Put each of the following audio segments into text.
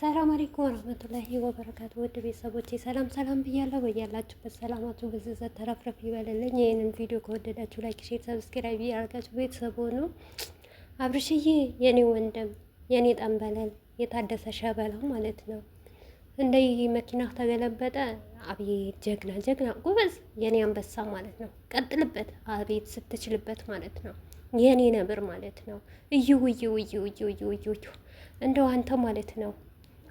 ሰላም አለይኩም ወራህመቱላሂ ወበረካቱ። ውድ ቤተሰቦቼ ሰላም ሰላም ብያለሁ። በያላችሁበት ሰላማችሁ ብዝዘት ተረፍረፍ ይበልልኝ። ይህንን ቪዲዮ ከወደዳችሁ ላይክ፣ ሼር፣ ሰብስክራይብ ያደርጋችሁ ቤተሰብ ሆኖ አብርሽዬ፣ የኔ ወንድም፣ የኔ ጠንበለል፣ የታደሰ ሸበላ ማለት ነው እንደ ይህ መኪና ተገለበጠ። አቤት ጀግና ጀግና ጉበዝ የኔ አንበሳ ማለት ነው። ቀጥልበት፣ አቤት ስትችልበት ማለት ነው። የኔ ነብር ማለት ነው። እዩ እዩ እዩ እዩ እዩ እዩ እንደው አንተ ማለት ነው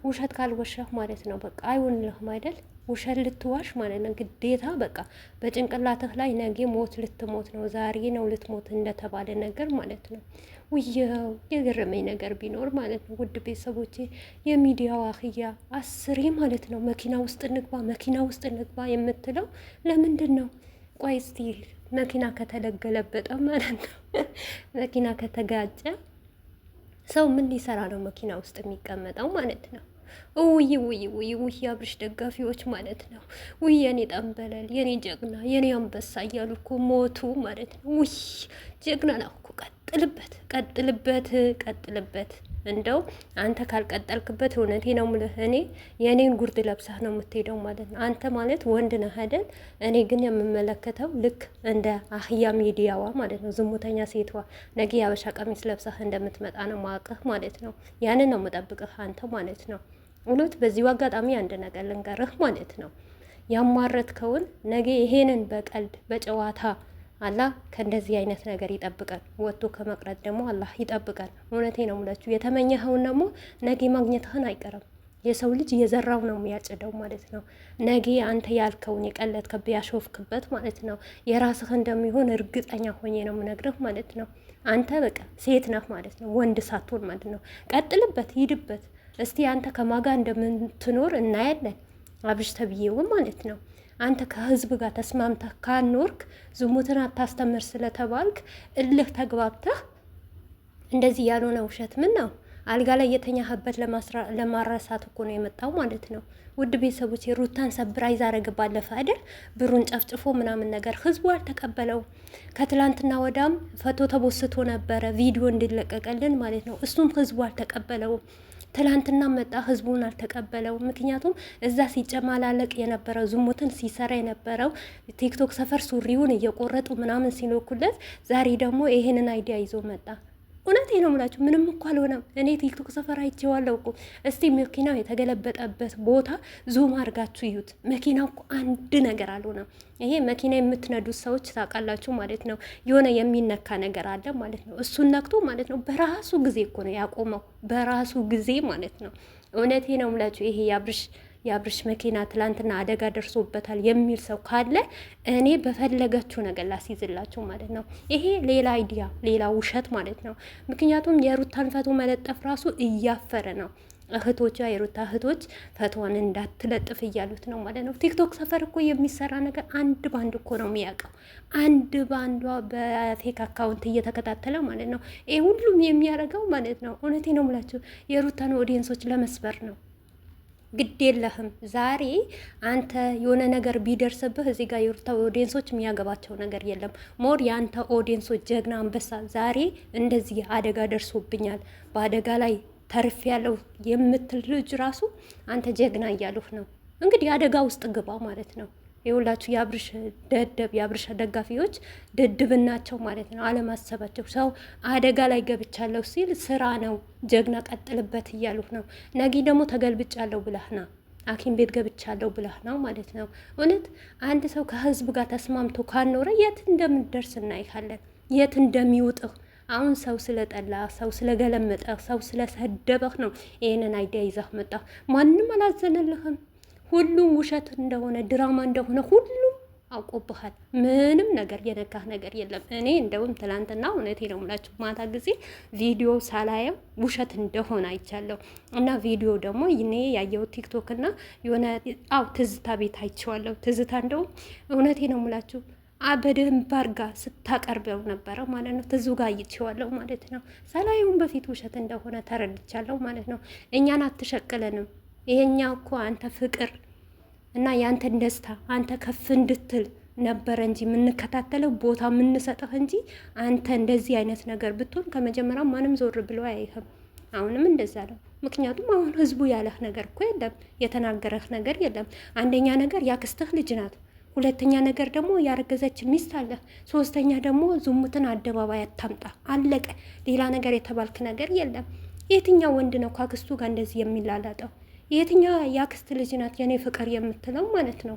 ውሸት ካልወሸህ ማለት ነው በቃ አይሆንልህም አይደል? ውሸት ልትዋሽ ማለት ነው ግዴታ። በቃ በጭንቅላትህ ላይ ነገ ሞት ልትሞት ነው፣ ዛሬ ነው ልትሞት እንደተባለ ነገር ማለት ነው። ውይው የገረመኝ ነገር ቢኖር ማለት ነው ውድ ቤተሰቦቼ፣ የሚዲያው አህያ አስሬ ማለት ነው መኪና ውስጥ ንግባ መኪና ውስጥ ንግባ የምትለው ለምንድን ነው? ቆይ መኪና ከተለገለበጠ ማለት ነው መኪና ከተጋጨ ሰው ምን ሊሰራ ነው መኪና ውስጥ የሚቀመጠው ማለት ነው? ውይ ውይ ውይ ውይ አብርሽ ደጋፊዎች ማለት ነው። ውይ የኔ ጠንበለል፣ የኔ ጀግና፣ የኔ አንበሳ እያሉ እኮ ሞቱ ማለት ነው። ውይ ጀግና ነው እኮ። ቀጥልበት፣ ቀጥልበት፣ ቀጥልበት። እንደው አንተ ካልቀጠልክበት እውነቴ ነው የምልህ እኔ የእኔን ጉርድ ለብሳህ ነው የምትሄደው ማለት ነው። አንተ ማለት ወንድ ነህ አይደል? እኔ ግን የምመለከተው ልክ እንደ አህያ ሚዲያዋ ማለት ነው ዝሙተኛ ሴቷ ነገ የአበሻ ቀሚስ ለብሳህ እንደምትመጣ ነው ማቅህ ማለት ነው። ያንን ነው የምጠብቅህ አንተ ማለት ነው። እውነት በዚሁ አጋጣሚ አንድ ነገር ልንገርህ ማለት ነው ያሟረትከውን ነገ ይሄንን በቀልድ በጨዋታ አላህ ከእንደዚህ አይነት ነገር ይጠብቀን። ወጥቶ ከመቅረት ደግሞ አላህ ይጠብቀን። እውነቴ ነው ሙላችሁ። የተመኘኸውን ደግሞ ነገ ማግኘትህን አይቀርም። የሰው ልጅ የዘራው ነው የሚያጭደው ማለት ነው። ነገ አንተ ያልከውን የቀለድክበት ያሾፍክበት ማለት ነው የራስህ እንደሚሆን እርግጠኛ ሆኜ ነው የምነግርህ ማለት ነው። አንተ በቃ ሴት ነህ ማለት ነው፣ ወንድ ሳትሆን ማለት ነው። ቀጥልበት፣ ሂድበት። እስቲ አንተ ከማጋ እንደምትኖር እናያለን። አብሽ ተብዬው ማለት ነው። አንተ ከህዝብ ጋር ተስማምተህ ካኖርክ ዝሙትን አታስተምር ስለተባልክ እልህ ተግባብተህ እንደዚህ ያልሆነ ውሸት ምን ነው አልጋ ላይ የተኛህበት ለማረሳት እኮ ነው የመጣው ማለት ነው። ውድ ቤተሰቦች ሩታን ሰብራይዝ አረግ ባለፈ አይደል ብሩን ጨፍጭፎ ምናምን ነገር ህዝቡ አልተቀበለው። ከትላንትና ወዳም ፈቶ ተቦስቶ ነበረ ቪዲዮ እንዲለቀቀልን ማለት ነው። እሱም ህዝቡ አልተቀበለውም። ትላንትና መጣ፣ ህዝቡን አልተቀበለው። ምክንያቱም እዛ ሲጨማላለቅ የነበረው ዝሙትን ሲሰራ የነበረው ቲክቶክ ሰፈር ሱሪውን እየቆረጡ ምናምን ሲኖኩለት፣ ዛሬ ደግሞ ይሄንን አይዲያ ይዞ መጣ። እውነቴ ነው የምላችሁ፣ ምንም እኮ አልሆነም። እኔ ቲክቶክ ሰፈር አይቼዋለሁ እኮ። እስቲ መኪናው የተገለበጠበት ቦታ ዙም አድርጋችሁ ይዩት። መኪናው እኮ አንድ ነገር አልሆነም። ይሄ መኪና የምትነዱት ሰዎች ታውቃላችሁ ማለት ነው። የሆነ የሚነካ ነገር አለ ማለት ነው። እሱን ነክቶ ማለት ነው። በራሱ ጊዜ እኮ ነው ያቆመው፣ በራሱ ጊዜ ማለት ነው። እውነቴ ነው የምላችሁ ይሄ ያብርሽ የአብርሽ መኪና ትላንትና አደጋ ደርሶበታል የሚል ሰው ካለ እኔ በፈለገችው ነገር ላስይዝላችሁ ማለት ነው። ይሄ ሌላ አይዲያ፣ ሌላ ውሸት ማለት ነው። ምክንያቱም የሩታን ፈቶ መለጠፍ ራሱ እያፈረ ነው። እህቶቿ የሩታ እህቶች ፈቶን እንዳትለጥፍ እያሉት ነው ማለት ነው። ቲክቶክ ሰፈር እኮ የሚሰራ ነገር አንድ ባንድ እኮ ነው የሚያውቀው። አንድ ባንዷ በፌክ አካውንት እየተከታተለ ማለት ነው። ይሄ ሁሉም የሚያደርገው ማለት ነው። እውነቴ ነው የምላችሁ የሩታን ኦዲየንሶች ለመስበር ነው። ግድ የለህም። ዛሬ አንተ የሆነ ነገር ቢደርስብህ እዚህ ጋር የሩታ ኦዲንሶች የሚያገባቸው ነገር የለም። ሞር የአንተ ኦዲንሶች ጀግና አንበሳ፣ ዛሬ እንደዚህ አደጋ ደርሶብኛል፣ በአደጋ ላይ ተርፍ ያለው የምትል ልጅ ራሱ አንተ ጀግና እያሉህ ነው። እንግዲህ አደጋ ውስጥ ግባ ማለት ነው። የሁላችሁ የአብርሽ ደደብ የአብርሽ ደጋፊዎች ድድብናቸው ማለት ነው። አለማሰባቸው ሰው አደጋ ላይ ገብቻለሁ ሲል ስራ ነው ጀግና ቀጥልበት እያሉት ነው። ነጊ ደግሞ ተገልብጫለሁ ብለህና ሐኪም ቤት ገብቻለሁ ብለህ ነው ማለት ነው። እውነት አንድ ሰው ከህዝብ ጋር ተስማምቶ ካልኖረ የት እንደምንደርስ እናይካለን፣ የት እንደሚውጥህ አሁን ሰው ስለጠላ ሰው ስለገለመጠህ፣ ሰው ስለሰደበህ ነው ይህንን አይዲያ ይዘህ መጣህ። ማንም አላዘነልህም። ሁሉም ውሸት እንደሆነ ድራማ እንደሆነ ሁሉም አውቆብሃል። ምንም ነገር የነካህ ነገር የለም። እኔ እንደውም ትላንትና እውነቴ ነው የምላችሁ ማታ ጊዜ ቪዲዮ ሳላየው ውሸት እንደሆነ አይቻለሁ። እና ቪዲዮ ደግሞ እኔ ያየው ቲክቶክ እና የሆነ አው ትዝታ ቤት አይቼዋለሁ። ትዝታ እንደውም እውነቴ ነው የምላችሁ በደንብ አድርጋ ስታቀርበው ነበረ ማለት ነው። ትዙ ጋ አይቼዋለሁ ማለት ነው። ሳላየውን በፊት ውሸት እንደሆነ ተረድቻለሁ ማለት ነው። እኛን አትሸቅለንም ይሄኛው እኮ አንተ ፍቅር እና ያንተን ደስታ አንተ ከፍ እንድትል ነበረ እንጂ የምንከታተለው ቦታ የምንሰጥህ እንጂ አንተ እንደዚህ አይነት ነገር ብትሆን ከመጀመሪያው ማንም ዞር ብሎ አይህም። አሁንም እንደዛ ነው። ምክንያቱም አሁን ህዝቡ ያለህ ነገር እኮ የለም፣ የተናገረህ ነገር የለም። አንደኛ ነገር ያክስትህ ልጅ ናት። ሁለተኛ ነገር ደግሞ ያረገዘች ሚስት አለ ሶስተኛ ደግሞ ዝሙትን አደባባይ አታምጣ። አለቀ። ሌላ ነገር የተባልክ ነገር የለም። የትኛው ወንድ ነው ካክስቱ ጋር እንደዚህ የሚላላጠው? የትኛ የአክስት ልጅ ናት የኔ ፍቅር የምትለው ማለት ነው።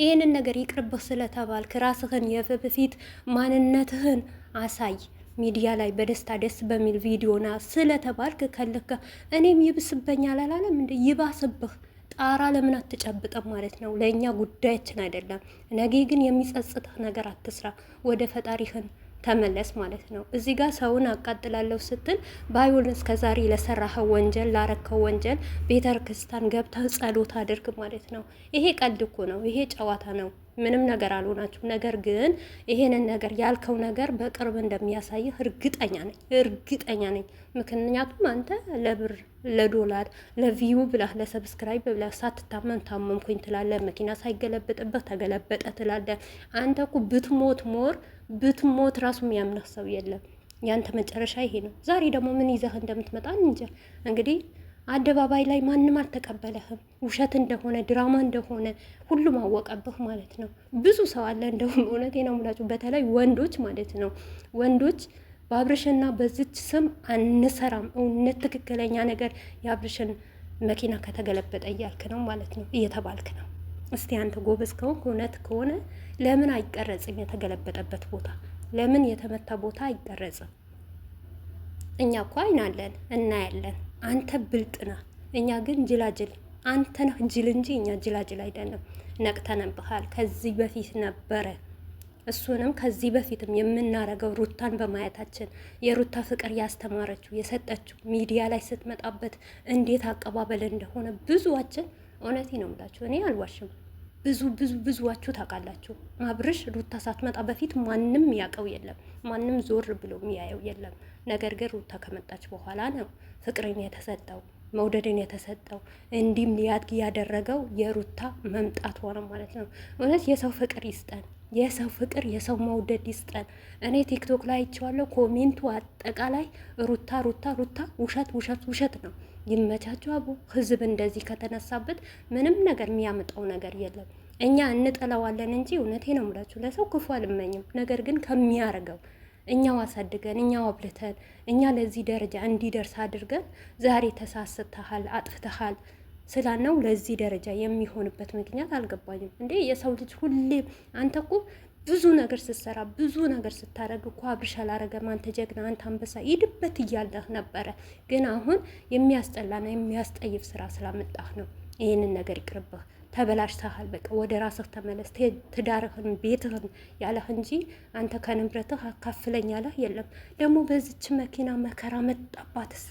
ይህንን ነገር ይቅርብህ ስለተባልክ ራስህን የፊት ማንነትህን አሳይ ሚዲያ ላይ በደስታ ደስ በሚል ቪዲዮና ስለተባልክ ከልከ እኔም ይብስበኛል አላለም እንደ ይባስብህ ጣራ ለምን አትጨብጠም ማለት ነው። ለእኛ ጉዳያችን አይደለም። ነገ ግን የሚጸጽትህ ነገር አትስራ። ወደ ፈጣሪህን ተመለስ ማለት ነው። እዚህ ጋር ሰውን አቃጥላለሁ ስትል ባይሆን እስከዛሬ ለሰራኸው ወንጀል፣ ላረከው ወንጀል ቤተ ክርስቲያን ገብተህ ጸሎት አድርግ ማለት ነው። ይሄ ቀልድ እኮ ነው። ይሄ ጨዋታ ነው። ምንም ነገር አልሆናችሁም። ነገር ግን ይሄንን ነገር ያልከው ነገር በቅርብ እንደሚያሳይህ እርግጠኛ ነኝ እርግጠኛ ነኝ። ምክንያቱም አንተ ለብር ለዶላር ለቪዩ ብላህ ለሰብስክራይብ ብላህ ሳትታመም ታመምኩኝ ትላለህ። መኪና ሳይገለበጥበት ተገለበጠ ትላለህ። አንተ እኮ ብትሞት ሞር ብትሞት ራሱ የሚያምነህ ሰው የለም። ያንተ መጨረሻ ይሄ ነው። ዛሬ ደግሞ ምን ይዘህ እንደምትመጣ እንጃ እንግዲህ አደባባይ ላይ ማንም አልተቀበለህም። ውሸት እንደሆነ ድራማ እንደሆነ ሁሉም አወቀብህ ማለት ነው። ብዙ ሰው አለ። እንደውም እውነቴ ነው የምላችሁ፣ በተለይ ወንዶች ማለት ነው። ወንዶች በአብርሽና በዝች ስም አንሰራም፣ እውነት ትክክለኛ ነገር የአብርሽን መኪና ከተገለበጠ እያልክ ነው ማለት ነው፣ እየተባልክ ነው። እስቲ አንተ ጎበዝ ከሆንክ እውነት ከሆነ ለምን አይቀረጽም? የተገለበጠበት ቦታ ለምን የተመታ ቦታ አይቀረጽም? እኛ እኮ አይናለን እናያለን። አንተ ብልጥ ነህ፣ እኛ ግን ጅላጅል። አንተ ነህ ጅል እንጂ እኛ ጅላጅል አይደለም። ነቅተንብሃል። ከዚህ በፊት ነበረ እሱንም ከዚህ በፊትም የምናረገው ሩታን በማየታችን የሩታ ፍቅር ያስተማረችው የሰጠችው ሚዲያ ላይ ስትመጣበት እንዴት አቀባበል እንደሆነ ብዙዋችን እውነቴ ነው የምላችሁ እኔ አልዋሽም። ብዙ ብዙ ብዙዋችሁ ታውቃላችሁ። አብርሽ ሩታ ሳትመጣ በፊት ማንም ያውቀው የለም፣ ማንም ዞር ብሎ የሚያየው የለም። ነገር ግን ሩታ ከመጣች በኋላ ነው ፍቅርን የተሰጠው መውደድን የተሰጠው እንዲም ሊያድግ ያደረገው የሩታ መምጣት ሆነ ማለት ነው። እውነት የሰው ፍቅር ይስጠን። የሰው ፍቅር የሰው መውደድ ይስጠን። እኔ ቲክቶክ ላይ አይቼዋለሁ። ኮሜንቱ አጠቃላይ ሩታ ሩታ ሩታ፣ ውሸት ውሸት ውሸት ነው። ይመቻቸው አቦ። ህዝብ እንደዚህ ከተነሳበት ምንም ነገር የሚያመጣው ነገር የለም። እኛ እንጠላዋለን እንጂ እውነቴ ነው የምላችሁ ለሰው ክፉ አልመኝም። ነገር ግን ከሚያደርገው እኛው አሳድገን እኛው አብልተን እኛ ለዚህ ደረጃ እንዲደርስ አድርገን ዛሬ ተሳስተሃል፣ አጥፍተሃል ስላነው ለዚህ ደረጃ የሚሆንበት ምክንያት አልገባኝም። እንዴ የሰው ልጅ ሁሌ አንተ እኮ ብዙ ነገር ስትሰራ ብዙ ነገር ስታደርግ እኮ አብርሽ አላረገም፣ አንተ ጀግና፣ አንተ አንበሳ ይድበት እያለህ ነበረ። ግን አሁን የሚያስጠላና የሚያስጠይፍ ስራ ስላመጣህ ነው። ይህንን ነገር ይቅርብህ። ተበላሽተሃል። በቃ ወደ ራስህ ተመለስ። ትዳርህን፣ ቤትህን ያለህ እንጂ አንተ ከንብረትህ አካፍለኝ ያለህ የለም። ደግሞ በዚች መኪና መከራ መጣባትስ